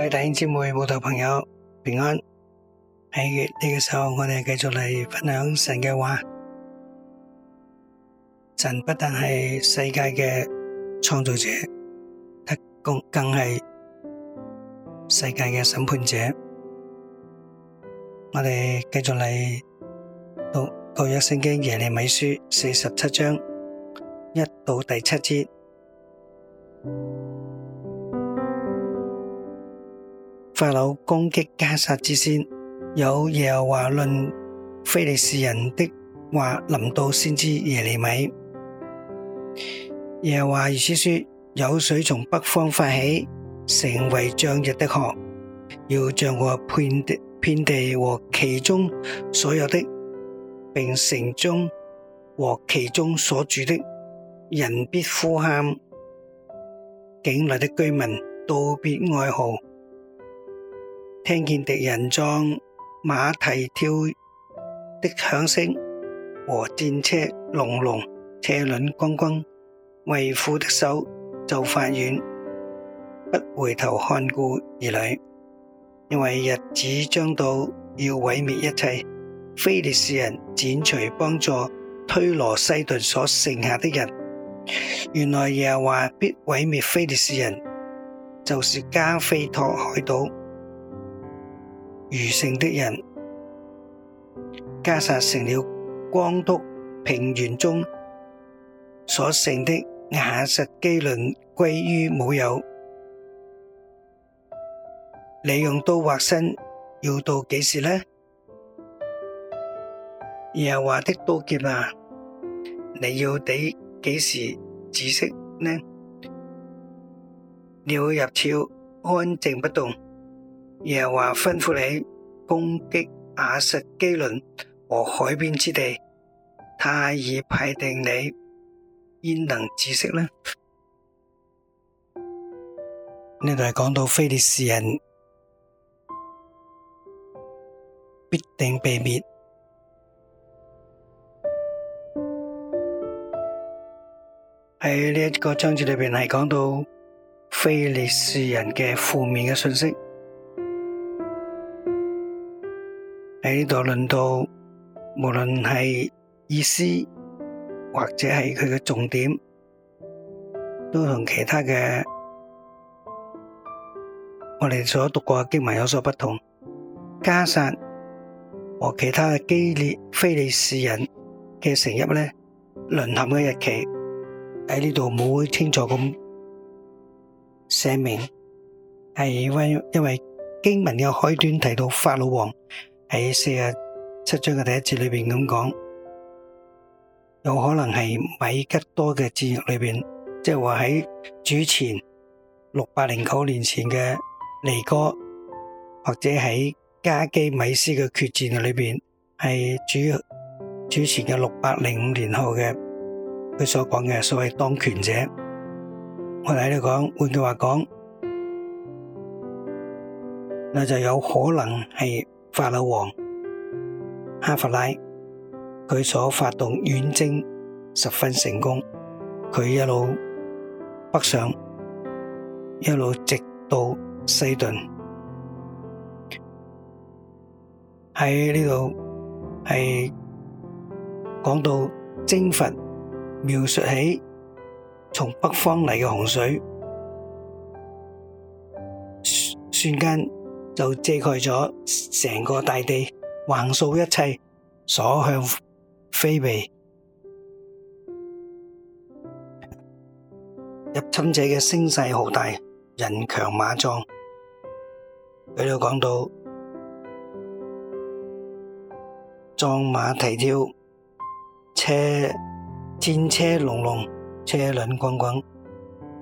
各位弟兄姊妹、慕道朋友，平安喜悅！呢個時候，我哋繼續嚟分享神嘅話。神不但係世界嘅創造者，更更係世界嘅審判者。我哋繼續嚟讀舊約聖經耶利米書四十七章一到第七節。法老攻擊迦薩之先，有耶和華論非利士人的話臨到先知耶利米。耶和華如此說：有水從北方發起，成為漲溢的河，要漲過遍地，和其中所有的，並城中和其中所住的人必呼喊，境內的居民都必哀號。聽見敵人裝馬蹄跳的響聲和戰車隆隆、車輪轟轟，為父的手就發軟，不回頭看顧兒女，因為日子將到，要毀滅一切，非利士人剪除幫助推羅西頓所剩下的人。原來耶和華必毀滅非利士人，就是加菲託海島。餘剩的人，迦薩，成了光禿平原中所剩的亞實基倫，歸於冇有。你用刀劃身要到幾時呢？耶和華的刀劍啊，你要抵幾時止息呢？鳥入鞘，安靜不動。耶華吩咐你攻擊亞實基倫和海邊之地，他已派定你，焉能止息呢？呢度係講到非利士人必定被滅。喺呢一個章節裏邊係講到非利士人嘅負面嘅信息。喺呢度論到，無論係意思或者係佢嘅重點，都同其他嘅我哋所讀過嘅經文有所不同。加薩和其他嘅基列非利士人嘅城邑淪陷嘅日期，喺呢度冇好清楚噉寫明，係因為經文嘅開端提到法老王。喺四十七章嘅第一節裏邊咁講，有可能係米吉多嘅戰役裏邊，即係話喺主前六百零九年前嘅尼哥，或者喺加基米斯嘅決戰裏邊，係主主前嘅六百零五年後嘅佢所講嘅所謂當權者。我哋喺度講，換句話講，那就有可能係。法老王哈弗拉，佢所發動遠征十分成功，佢一路北上，一路直到西頓。喺呢度係講到征伐，描述起從北方嚟嘅洪水，瞬間。就遮蓋咗成個大地，橫掃一切，所向披靡。入侵者嘅聲勢浩大，人強馬壯。佢就講到：壯馬蹄跳，車戰車隆隆，車輪滾滾。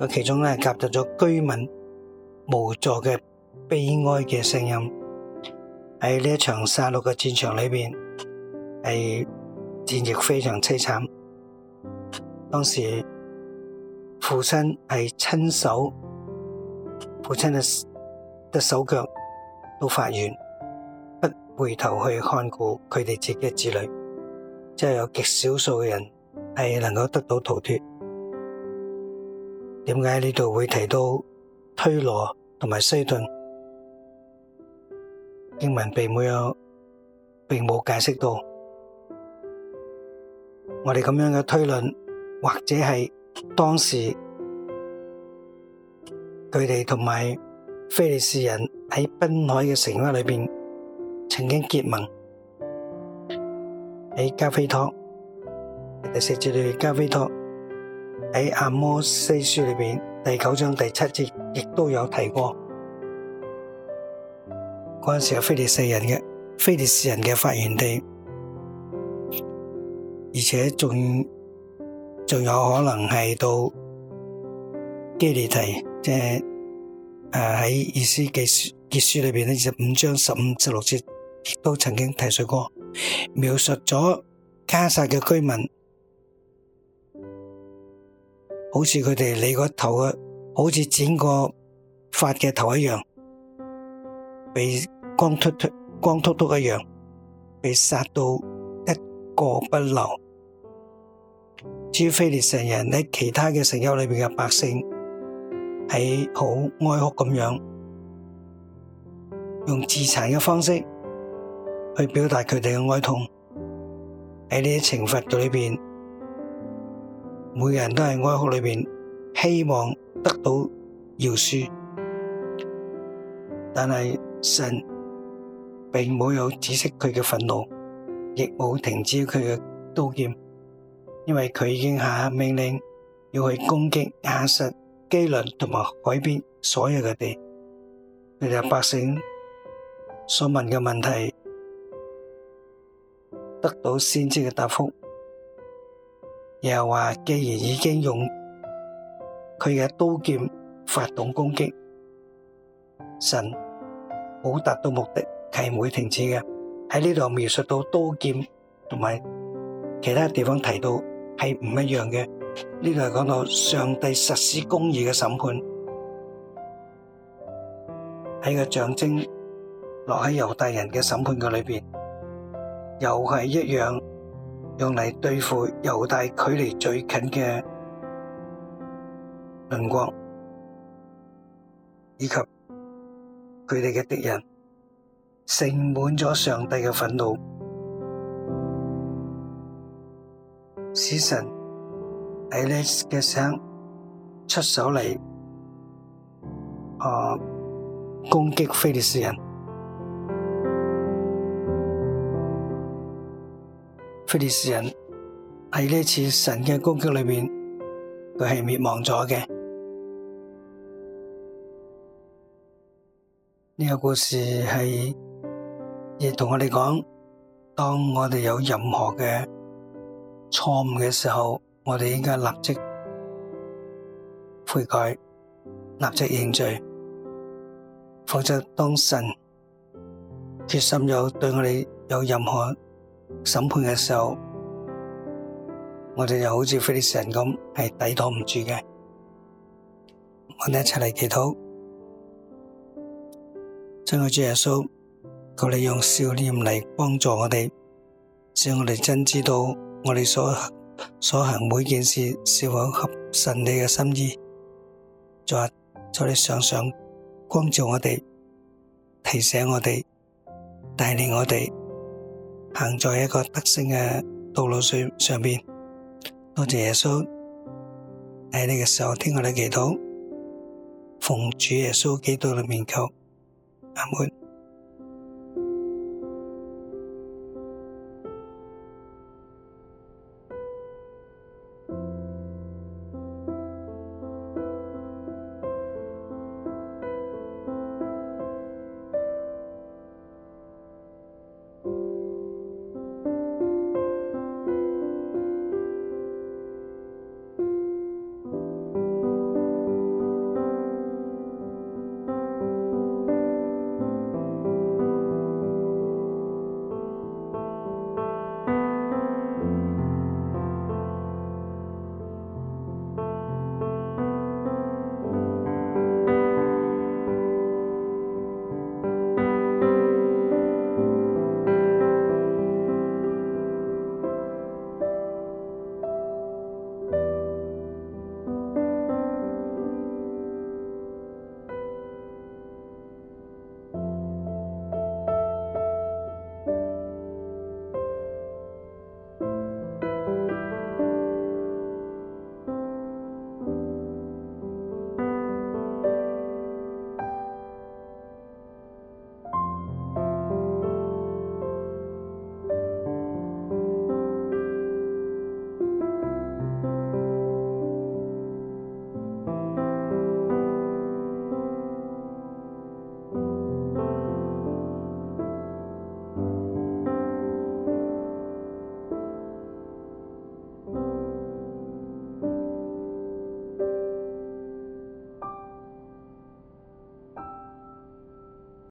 佢其中咧係夾雜咗居民無助嘅。悲哀嘅聲音喺呢一場殺戮嘅戰場裏邊，係戰役非常淒慘。當時父親係親手，父親嘅手腳都發軟，不回頭去看顧佢哋自己嘅子女，即係有極少數嘅人係能夠得到逃脫。點解呢度會提到推羅同埋西頓？經文並冇有，並冇解釋到我哋咁樣嘅推論，或者係當時佢哋同埋非利士人喺濱海嘅城灣裏邊曾經結盟喺加菲托，第四節裏加菲托喺阿摩西書裏邊第九章第七節亦都有提過。嗰陣時係非利士人嘅，非利士人嘅發源地，而且仲仲有可能係到基利提，即係誒喺《以西結》書裏邊呢，二十五章十五至六節都曾經提述過，描述咗卡薩嘅居民，好似佢哋你個頭嘅，好似剪過發嘅頭一樣被。光禿禿、光禿禿嘅羊，被殺到一個不留。至於非利士人喺其他嘅城邑裏邊嘅百姓，喺好哀哭咁樣，用自殘嘅方式去表達佢哋嘅哀痛。喺呢啲懲罰裏邊，每個人都係哀哭裏邊，希望得到饒恕，但係神。並冇有止息佢嘅憤怒，亦冇停止佢嘅刀劍，因為佢已經下下命令要去攻擊亞實基倫同埋海邊所有嘅地。佢就百姓所問嘅問題得到先知嘅答覆，又話既然已經用佢嘅刀劍發動攻擊，神冇達到目的。係唔會停止嘅。喺呢度描述到刀劍，同埋其他地方提到係唔一樣嘅。呢度講到上帝實施公義嘅審判，喺個象徵落喺猶大人嘅審判嘅裏邊，又係一樣用嚟對付猶大距離最近嘅鄰國，以及佢哋嘅敵人。盛滿咗上帝嘅憤怒，使神喺呢嘅想出手嚟，啊攻擊非利士人。非利士人喺呢次神嘅攻擊裏邊，佢係滅亡咗嘅。呢、這個故事係。亦同我哋講，當我哋有任何嘅錯誤嘅時候，我哋應該立即悔改、立即認罪，否則當神決心有對我哋有任何審判嘅時候，我哋就好似非利士人咁，係抵擋唔住嘅。我哋一齊嚟祈禱，真我主耶穌。求你用笑臉嚟幫助我哋，使我哋真知道我哋所所行每件事是否合神你嘅心意。再在你想想光照我哋，提醒我哋，帶領我哋行在一個得勝嘅道路上面邊。多謝耶穌喺呢個時候聽我哋祈禱，奉主耶穌基督裏面求，阿門。